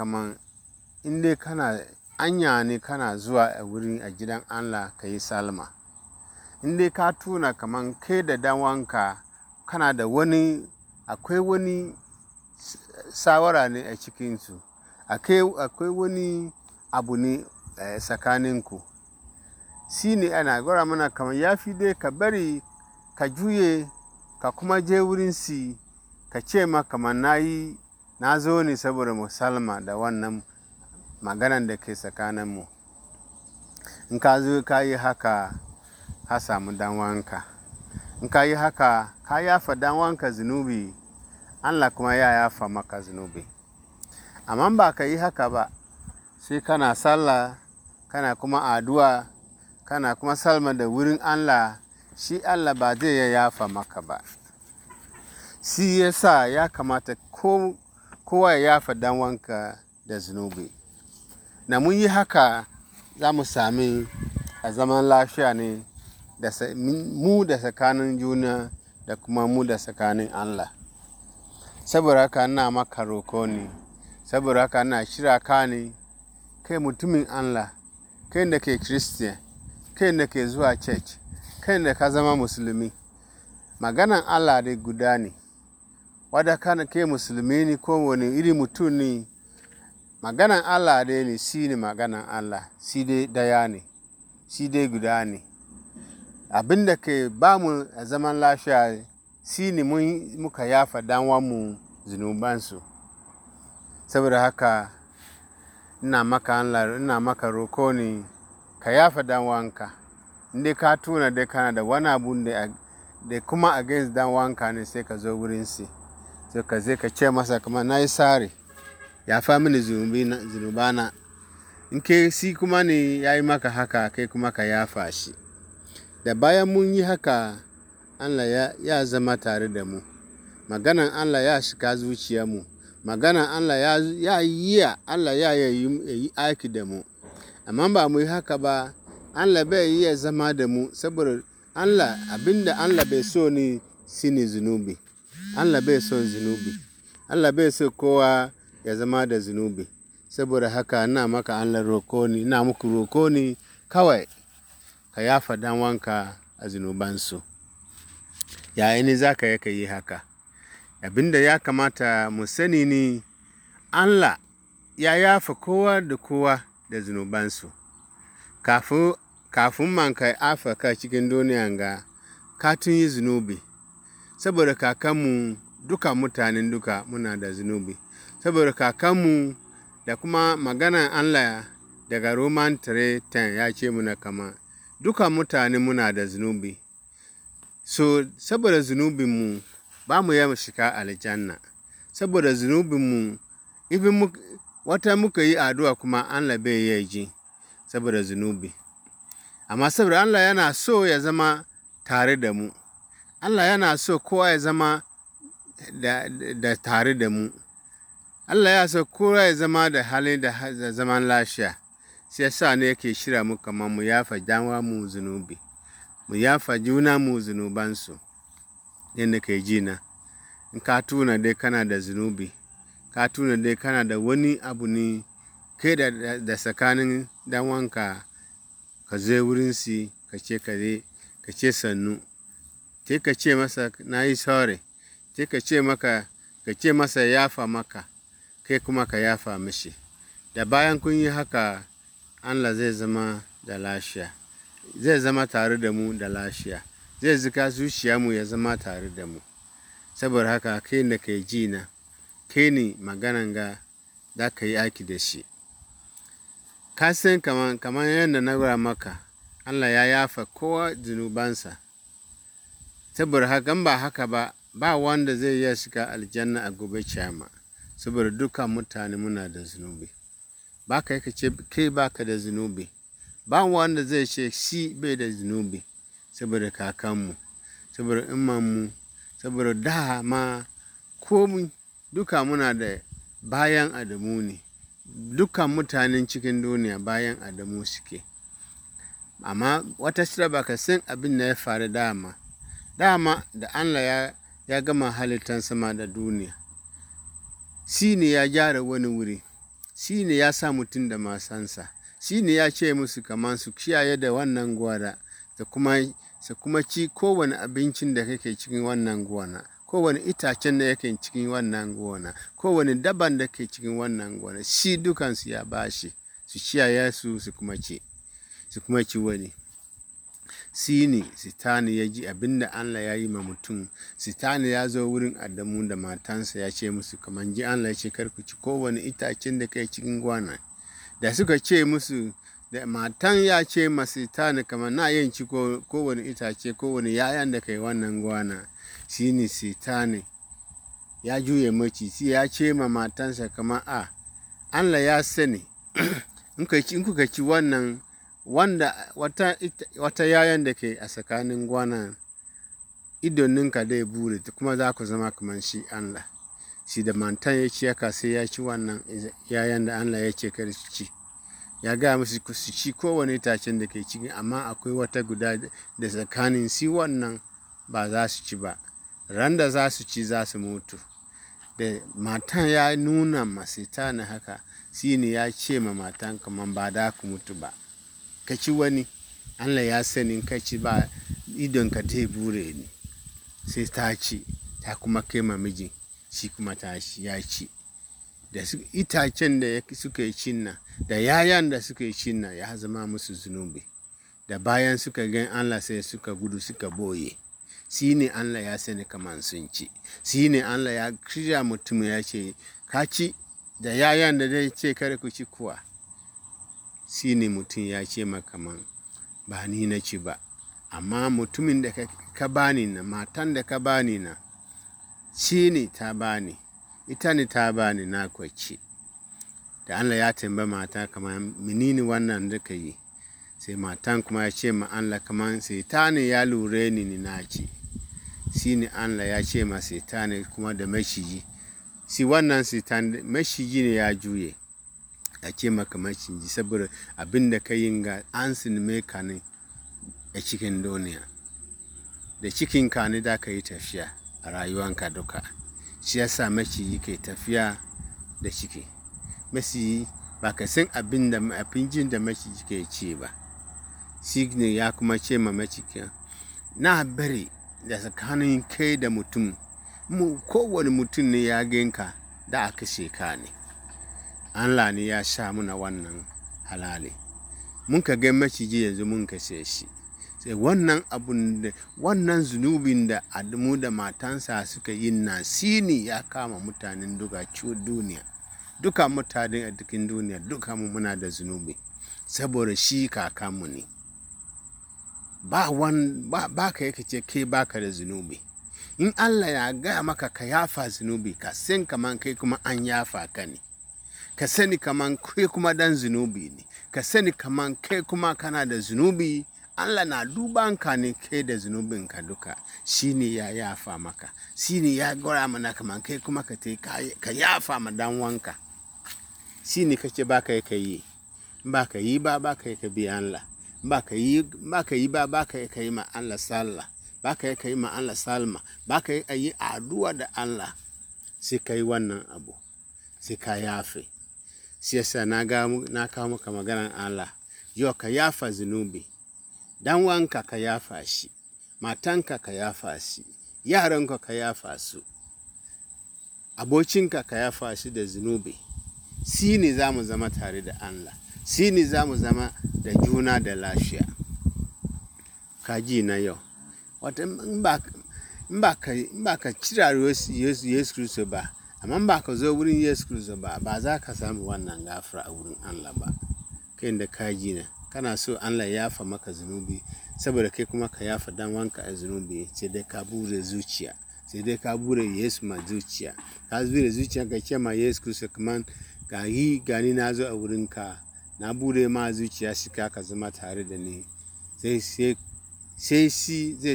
kamar in dai kana anya ne kana zuwa a wurin a gidan Allah ka yi salma. In dai ka tuna kaman kai da danwanka kana da wani akwai wani sawara ne a cikinsu, akwai wani abu ne a eh, tsakaninku. Shi ne ana gwara mana kamar ya fi dai ka bari ka juye ka kuma je wurin si ka ce ma kamar na yi. na zo ne saboda musalma da wannan maganan da ke tsakaninmu in ka zo ka yi haka ka samu danwanka in ka yi haka ka yafa danwanka zunubi allah kuma ya yafa maka zunubi amma ba ka yi haka ba sai kana sallah kana kuma addu'a kana kuma salma da wurin allah shi allah ba zai ya yafa maka ba shi yasa ya kamata ko kowa ya yafa dan wanka da zunubi na mun yi haka za mu sami a zaman lafiya ne mu da tsakanin juna da kuma mu da tsakanin Allah saboda haka ina maka roko ne saboda haka ina shira ka ne kai mutumin Allah kai da ke Christian kai da ke zuwa church kai da ka zama musulmi maganan Allah dai guda ne wadda kana ke musulmi ne ko wani iri mutum ne maganan allah dai ne shi ne maganan allah shi dai daya ne shi dai guda ne Abinda da ke ba mu a zaman lafiya shi ne muka yafa mu zunubansu saboda haka ina maka ina maka roko ne ka yafa danwanka inda ka tuna da kana da wani abu da kuma against danwanka ne sai ka zo wurin si. sai ka zai ka ce masa kuma na yi sare ya fa mini zunubana in ke si kuma ne ya yi maka haka kai kuma ka yafa shi da bayan mun yi haka allah ya, ya zama tare da mu maganan allah ya shiga mu maganan allah ya, ya yi allah ya yi aiki da mu amma ba mu yi haka ba allah bai a zama da mu saboda allah abinda allah bai so ne sini zunubi Allah bai son zunubi Allah bai so kowa ya zama da zunubi saboda haka ina maka Allah roko ni ina muku roko ni kawai ka yafa dan wanka a zunubansu yi ni za ka yi ka yi haka abinda ya kamata mu sani ni Allah ya yafa kowa da kowa da zunubansu kafin man ka afaka cikin duniyan ga katun yi zunubi saboda kakanmu duka mutanen duka muna da zunubi saboda kakanmu da kuma maganan allah daga roman 3:10 ya ce muna kama duka mutane muna da zunubi so saboda zunubinmu ba mu yi shika aljanna saboda zunubinmu ibin wata muka yi addu'a kuma allah bai yi ji saboda zunubi amma saboda allah yana so ya zama tare da mu Allah yana so kowa ya zama da, tare da mu. Allah ya so kowa ya zama da halin da zaman lafiya. sai sa ne yake shira mu kamar mu yafa danwa mu zunubi. Mu yafa juna mu zunubansu. Yadda ka ji na. In ka tuna dai kana da zunubi. Ka tuna dai kana da wani abu ne kai da, da, tsakanin danwanka ka zai wurin si ka ce ka ce sannu. sai ka ce masa na yi saurin sai ka ce maka ka ce masa yafa maka kai kuma ka yafa mishi da bayan kun yi haka allah zai zama da lafiya zai zama tare da mu da lafiya zai zika mu ya zama tare da mu saboda haka kai da kai ji na kai ni maganan ga za ka yi aiki da shi ka san kamar yadda na gura maka allah ya yafa kowa zunubansa saboda haka ba haka ba ba wanda zai iya shiga aljanna a gobe ciyama saboda duka mutane muna da zunubi ba ka yi ce kai ba ka da zunubi ba wanda zai ce shi bai da zunubi saboda kakanmu saboda imanmu saboda da ma komi duka muna da bayan adamu ne dukkan mutanen cikin duniya bayan adamu suke amma wata ba ka san abin da ya faru dama dama da Allah ya, ya gama halittar sama da duniya shi ne ya gyara wani wuri shi ne ya sa mutum da masansa shi ne ya ce musu kamar su kiyaye da wannan gwada da kuma su kuma ci kowane abincin da kake cikin wannan gona kowane itacen da yake cikin wannan gona kowane daban da ke cikin wannan gona shi dukansu ya bashi su kiyaye su su kuma ci su kuma ci wani sini ne ya ji abin da Allah ya yi ma mutum sitani ya zo wurin adamu da matansa ya ce musu kaman ji Allah ya ce karku ci kowane itacen da kai cikin gwana da suka ce musu da matan ya ce ma sitani kaman na yin ci kowane itace kowane yayan da kai wannan gwana sini ne ya juye si ya ce ma matansa kaman a Allah ya sani in kuka ci wannan wanda wata, wata yayan da ke a tsakanin gwanan idoninka dai ta kuma za ku zama kamar shi Allah shi da mantan ya ci yaka sai ya ci wannan yayan da Allah ya ce kar su ci ya gaya musu su ci kowane itacen da ke ciki amma akwai wata guda da tsakanin si wannan ba za su ci ba ran za su ci za su mutu da matan ya nuna masita na haka shi ne ya ce ma matan kamar ba da ku mutu ba ka ci wani Allah ya sani ka ci ba idonka zai bure ni sai ta ci ta kuma kai mamijin shi kuma ta ya ci da itacen da suka yi cinna, da yayan da suka yi cinna ya zama musu zunubi da bayan suka gan Allah sai suka gudu suka boye shi ne Allah ya sani kamar sun ci shi ne Allah ya shirya mutum ya ce ka ci da yayan da zai ce kare ku ci kuwa ne mutum ya ce makaman ba ni na ci ba amma mutumin da ka bani na matan da ka bani na shi ne ta bani ita ne ta bani na kwaci da Allah ya tambar mata kamar menene wannan da ka yi sai matan kuma ya ce ma Allah kamar sai ta ne ya lura ni ni na ci shi ne Allah ya ce ma sai ta ne kuma da mashiji si wannan sai ta mashiji ne ya juye ya ce maka maciji saboda abinda da ka yi ga an sinime ka ne a cikin duniya da cikin ka ne da ka yi tafiya a rayuwanka duka shi yasa maciji ke tafiya da ciki maciji ba ka san abin da abincin da maciji ke ci ba signe ya kuma ce ma na bari da tsakanin kai da mutum mu kowane mutum ne ya ginka da aka sheka ne Allah ne ya sa muna wannan halali. Mun ka ga maciji yanzu mun ka sai shi. Sai wannan abun da wannan zunubin da Adamu da matansa suka yi na sini ya kama mutanen duka duniya. Duka mutanen a cikin duniya duka mu muna da zunubi. Saboda shi kakanmu ne. Ba wan ba, ka yake ce kai baka da zunubi. in Allah ya gaya maka ka yafa zunubi ka san kaman kai kuma an yafa ka ne ka sani kaman kai kuma dan zunubi ne ka sani kaman kai kuma kana da zunubi Allah na duban ka ne kai da zunubin ka duka shine ya yafa maka shine ya gora mana kaman kai kuma ka te ka yafa ma dan wanka shine kace ba kai yi ba ka yi ba ba kai ka bi Allah ba ka yi ba ka yi ba ba kai ka yi ma Allah sallah ba kai ka yi ma Allah salma ba kai yi addu'a da Allah sai kai wannan abu sai ka yafe shi ga na kawo maka maganar Allah yau ka yafa zunubi dan wanka ka yafa shi matanka ka yafa shi yaranka ka yafa su abocinka ka yafa shi da zunubi si ne za mu zama tare da Allah sini ne za mu zama da juna da lafiya kaji na yau wata in ba ka cirar yesu kristo ba amma ba ka zo wurin yesu kristo ba ba za ka samu wannan gafara a wurin allah ba kai da ka gina kana so allah ya fa maka zunubi saboda kai kuma ka yafa dan wanka a zunubi sai dai ka bure zuciya sai dai ka bure yesu ma zuciya ka bure zuciya ka ce ma yesu kristo kaman ga yi gani na zo a wurin ka na bure ma zuciya shi ka zama tare da ni sai sai sai shi zai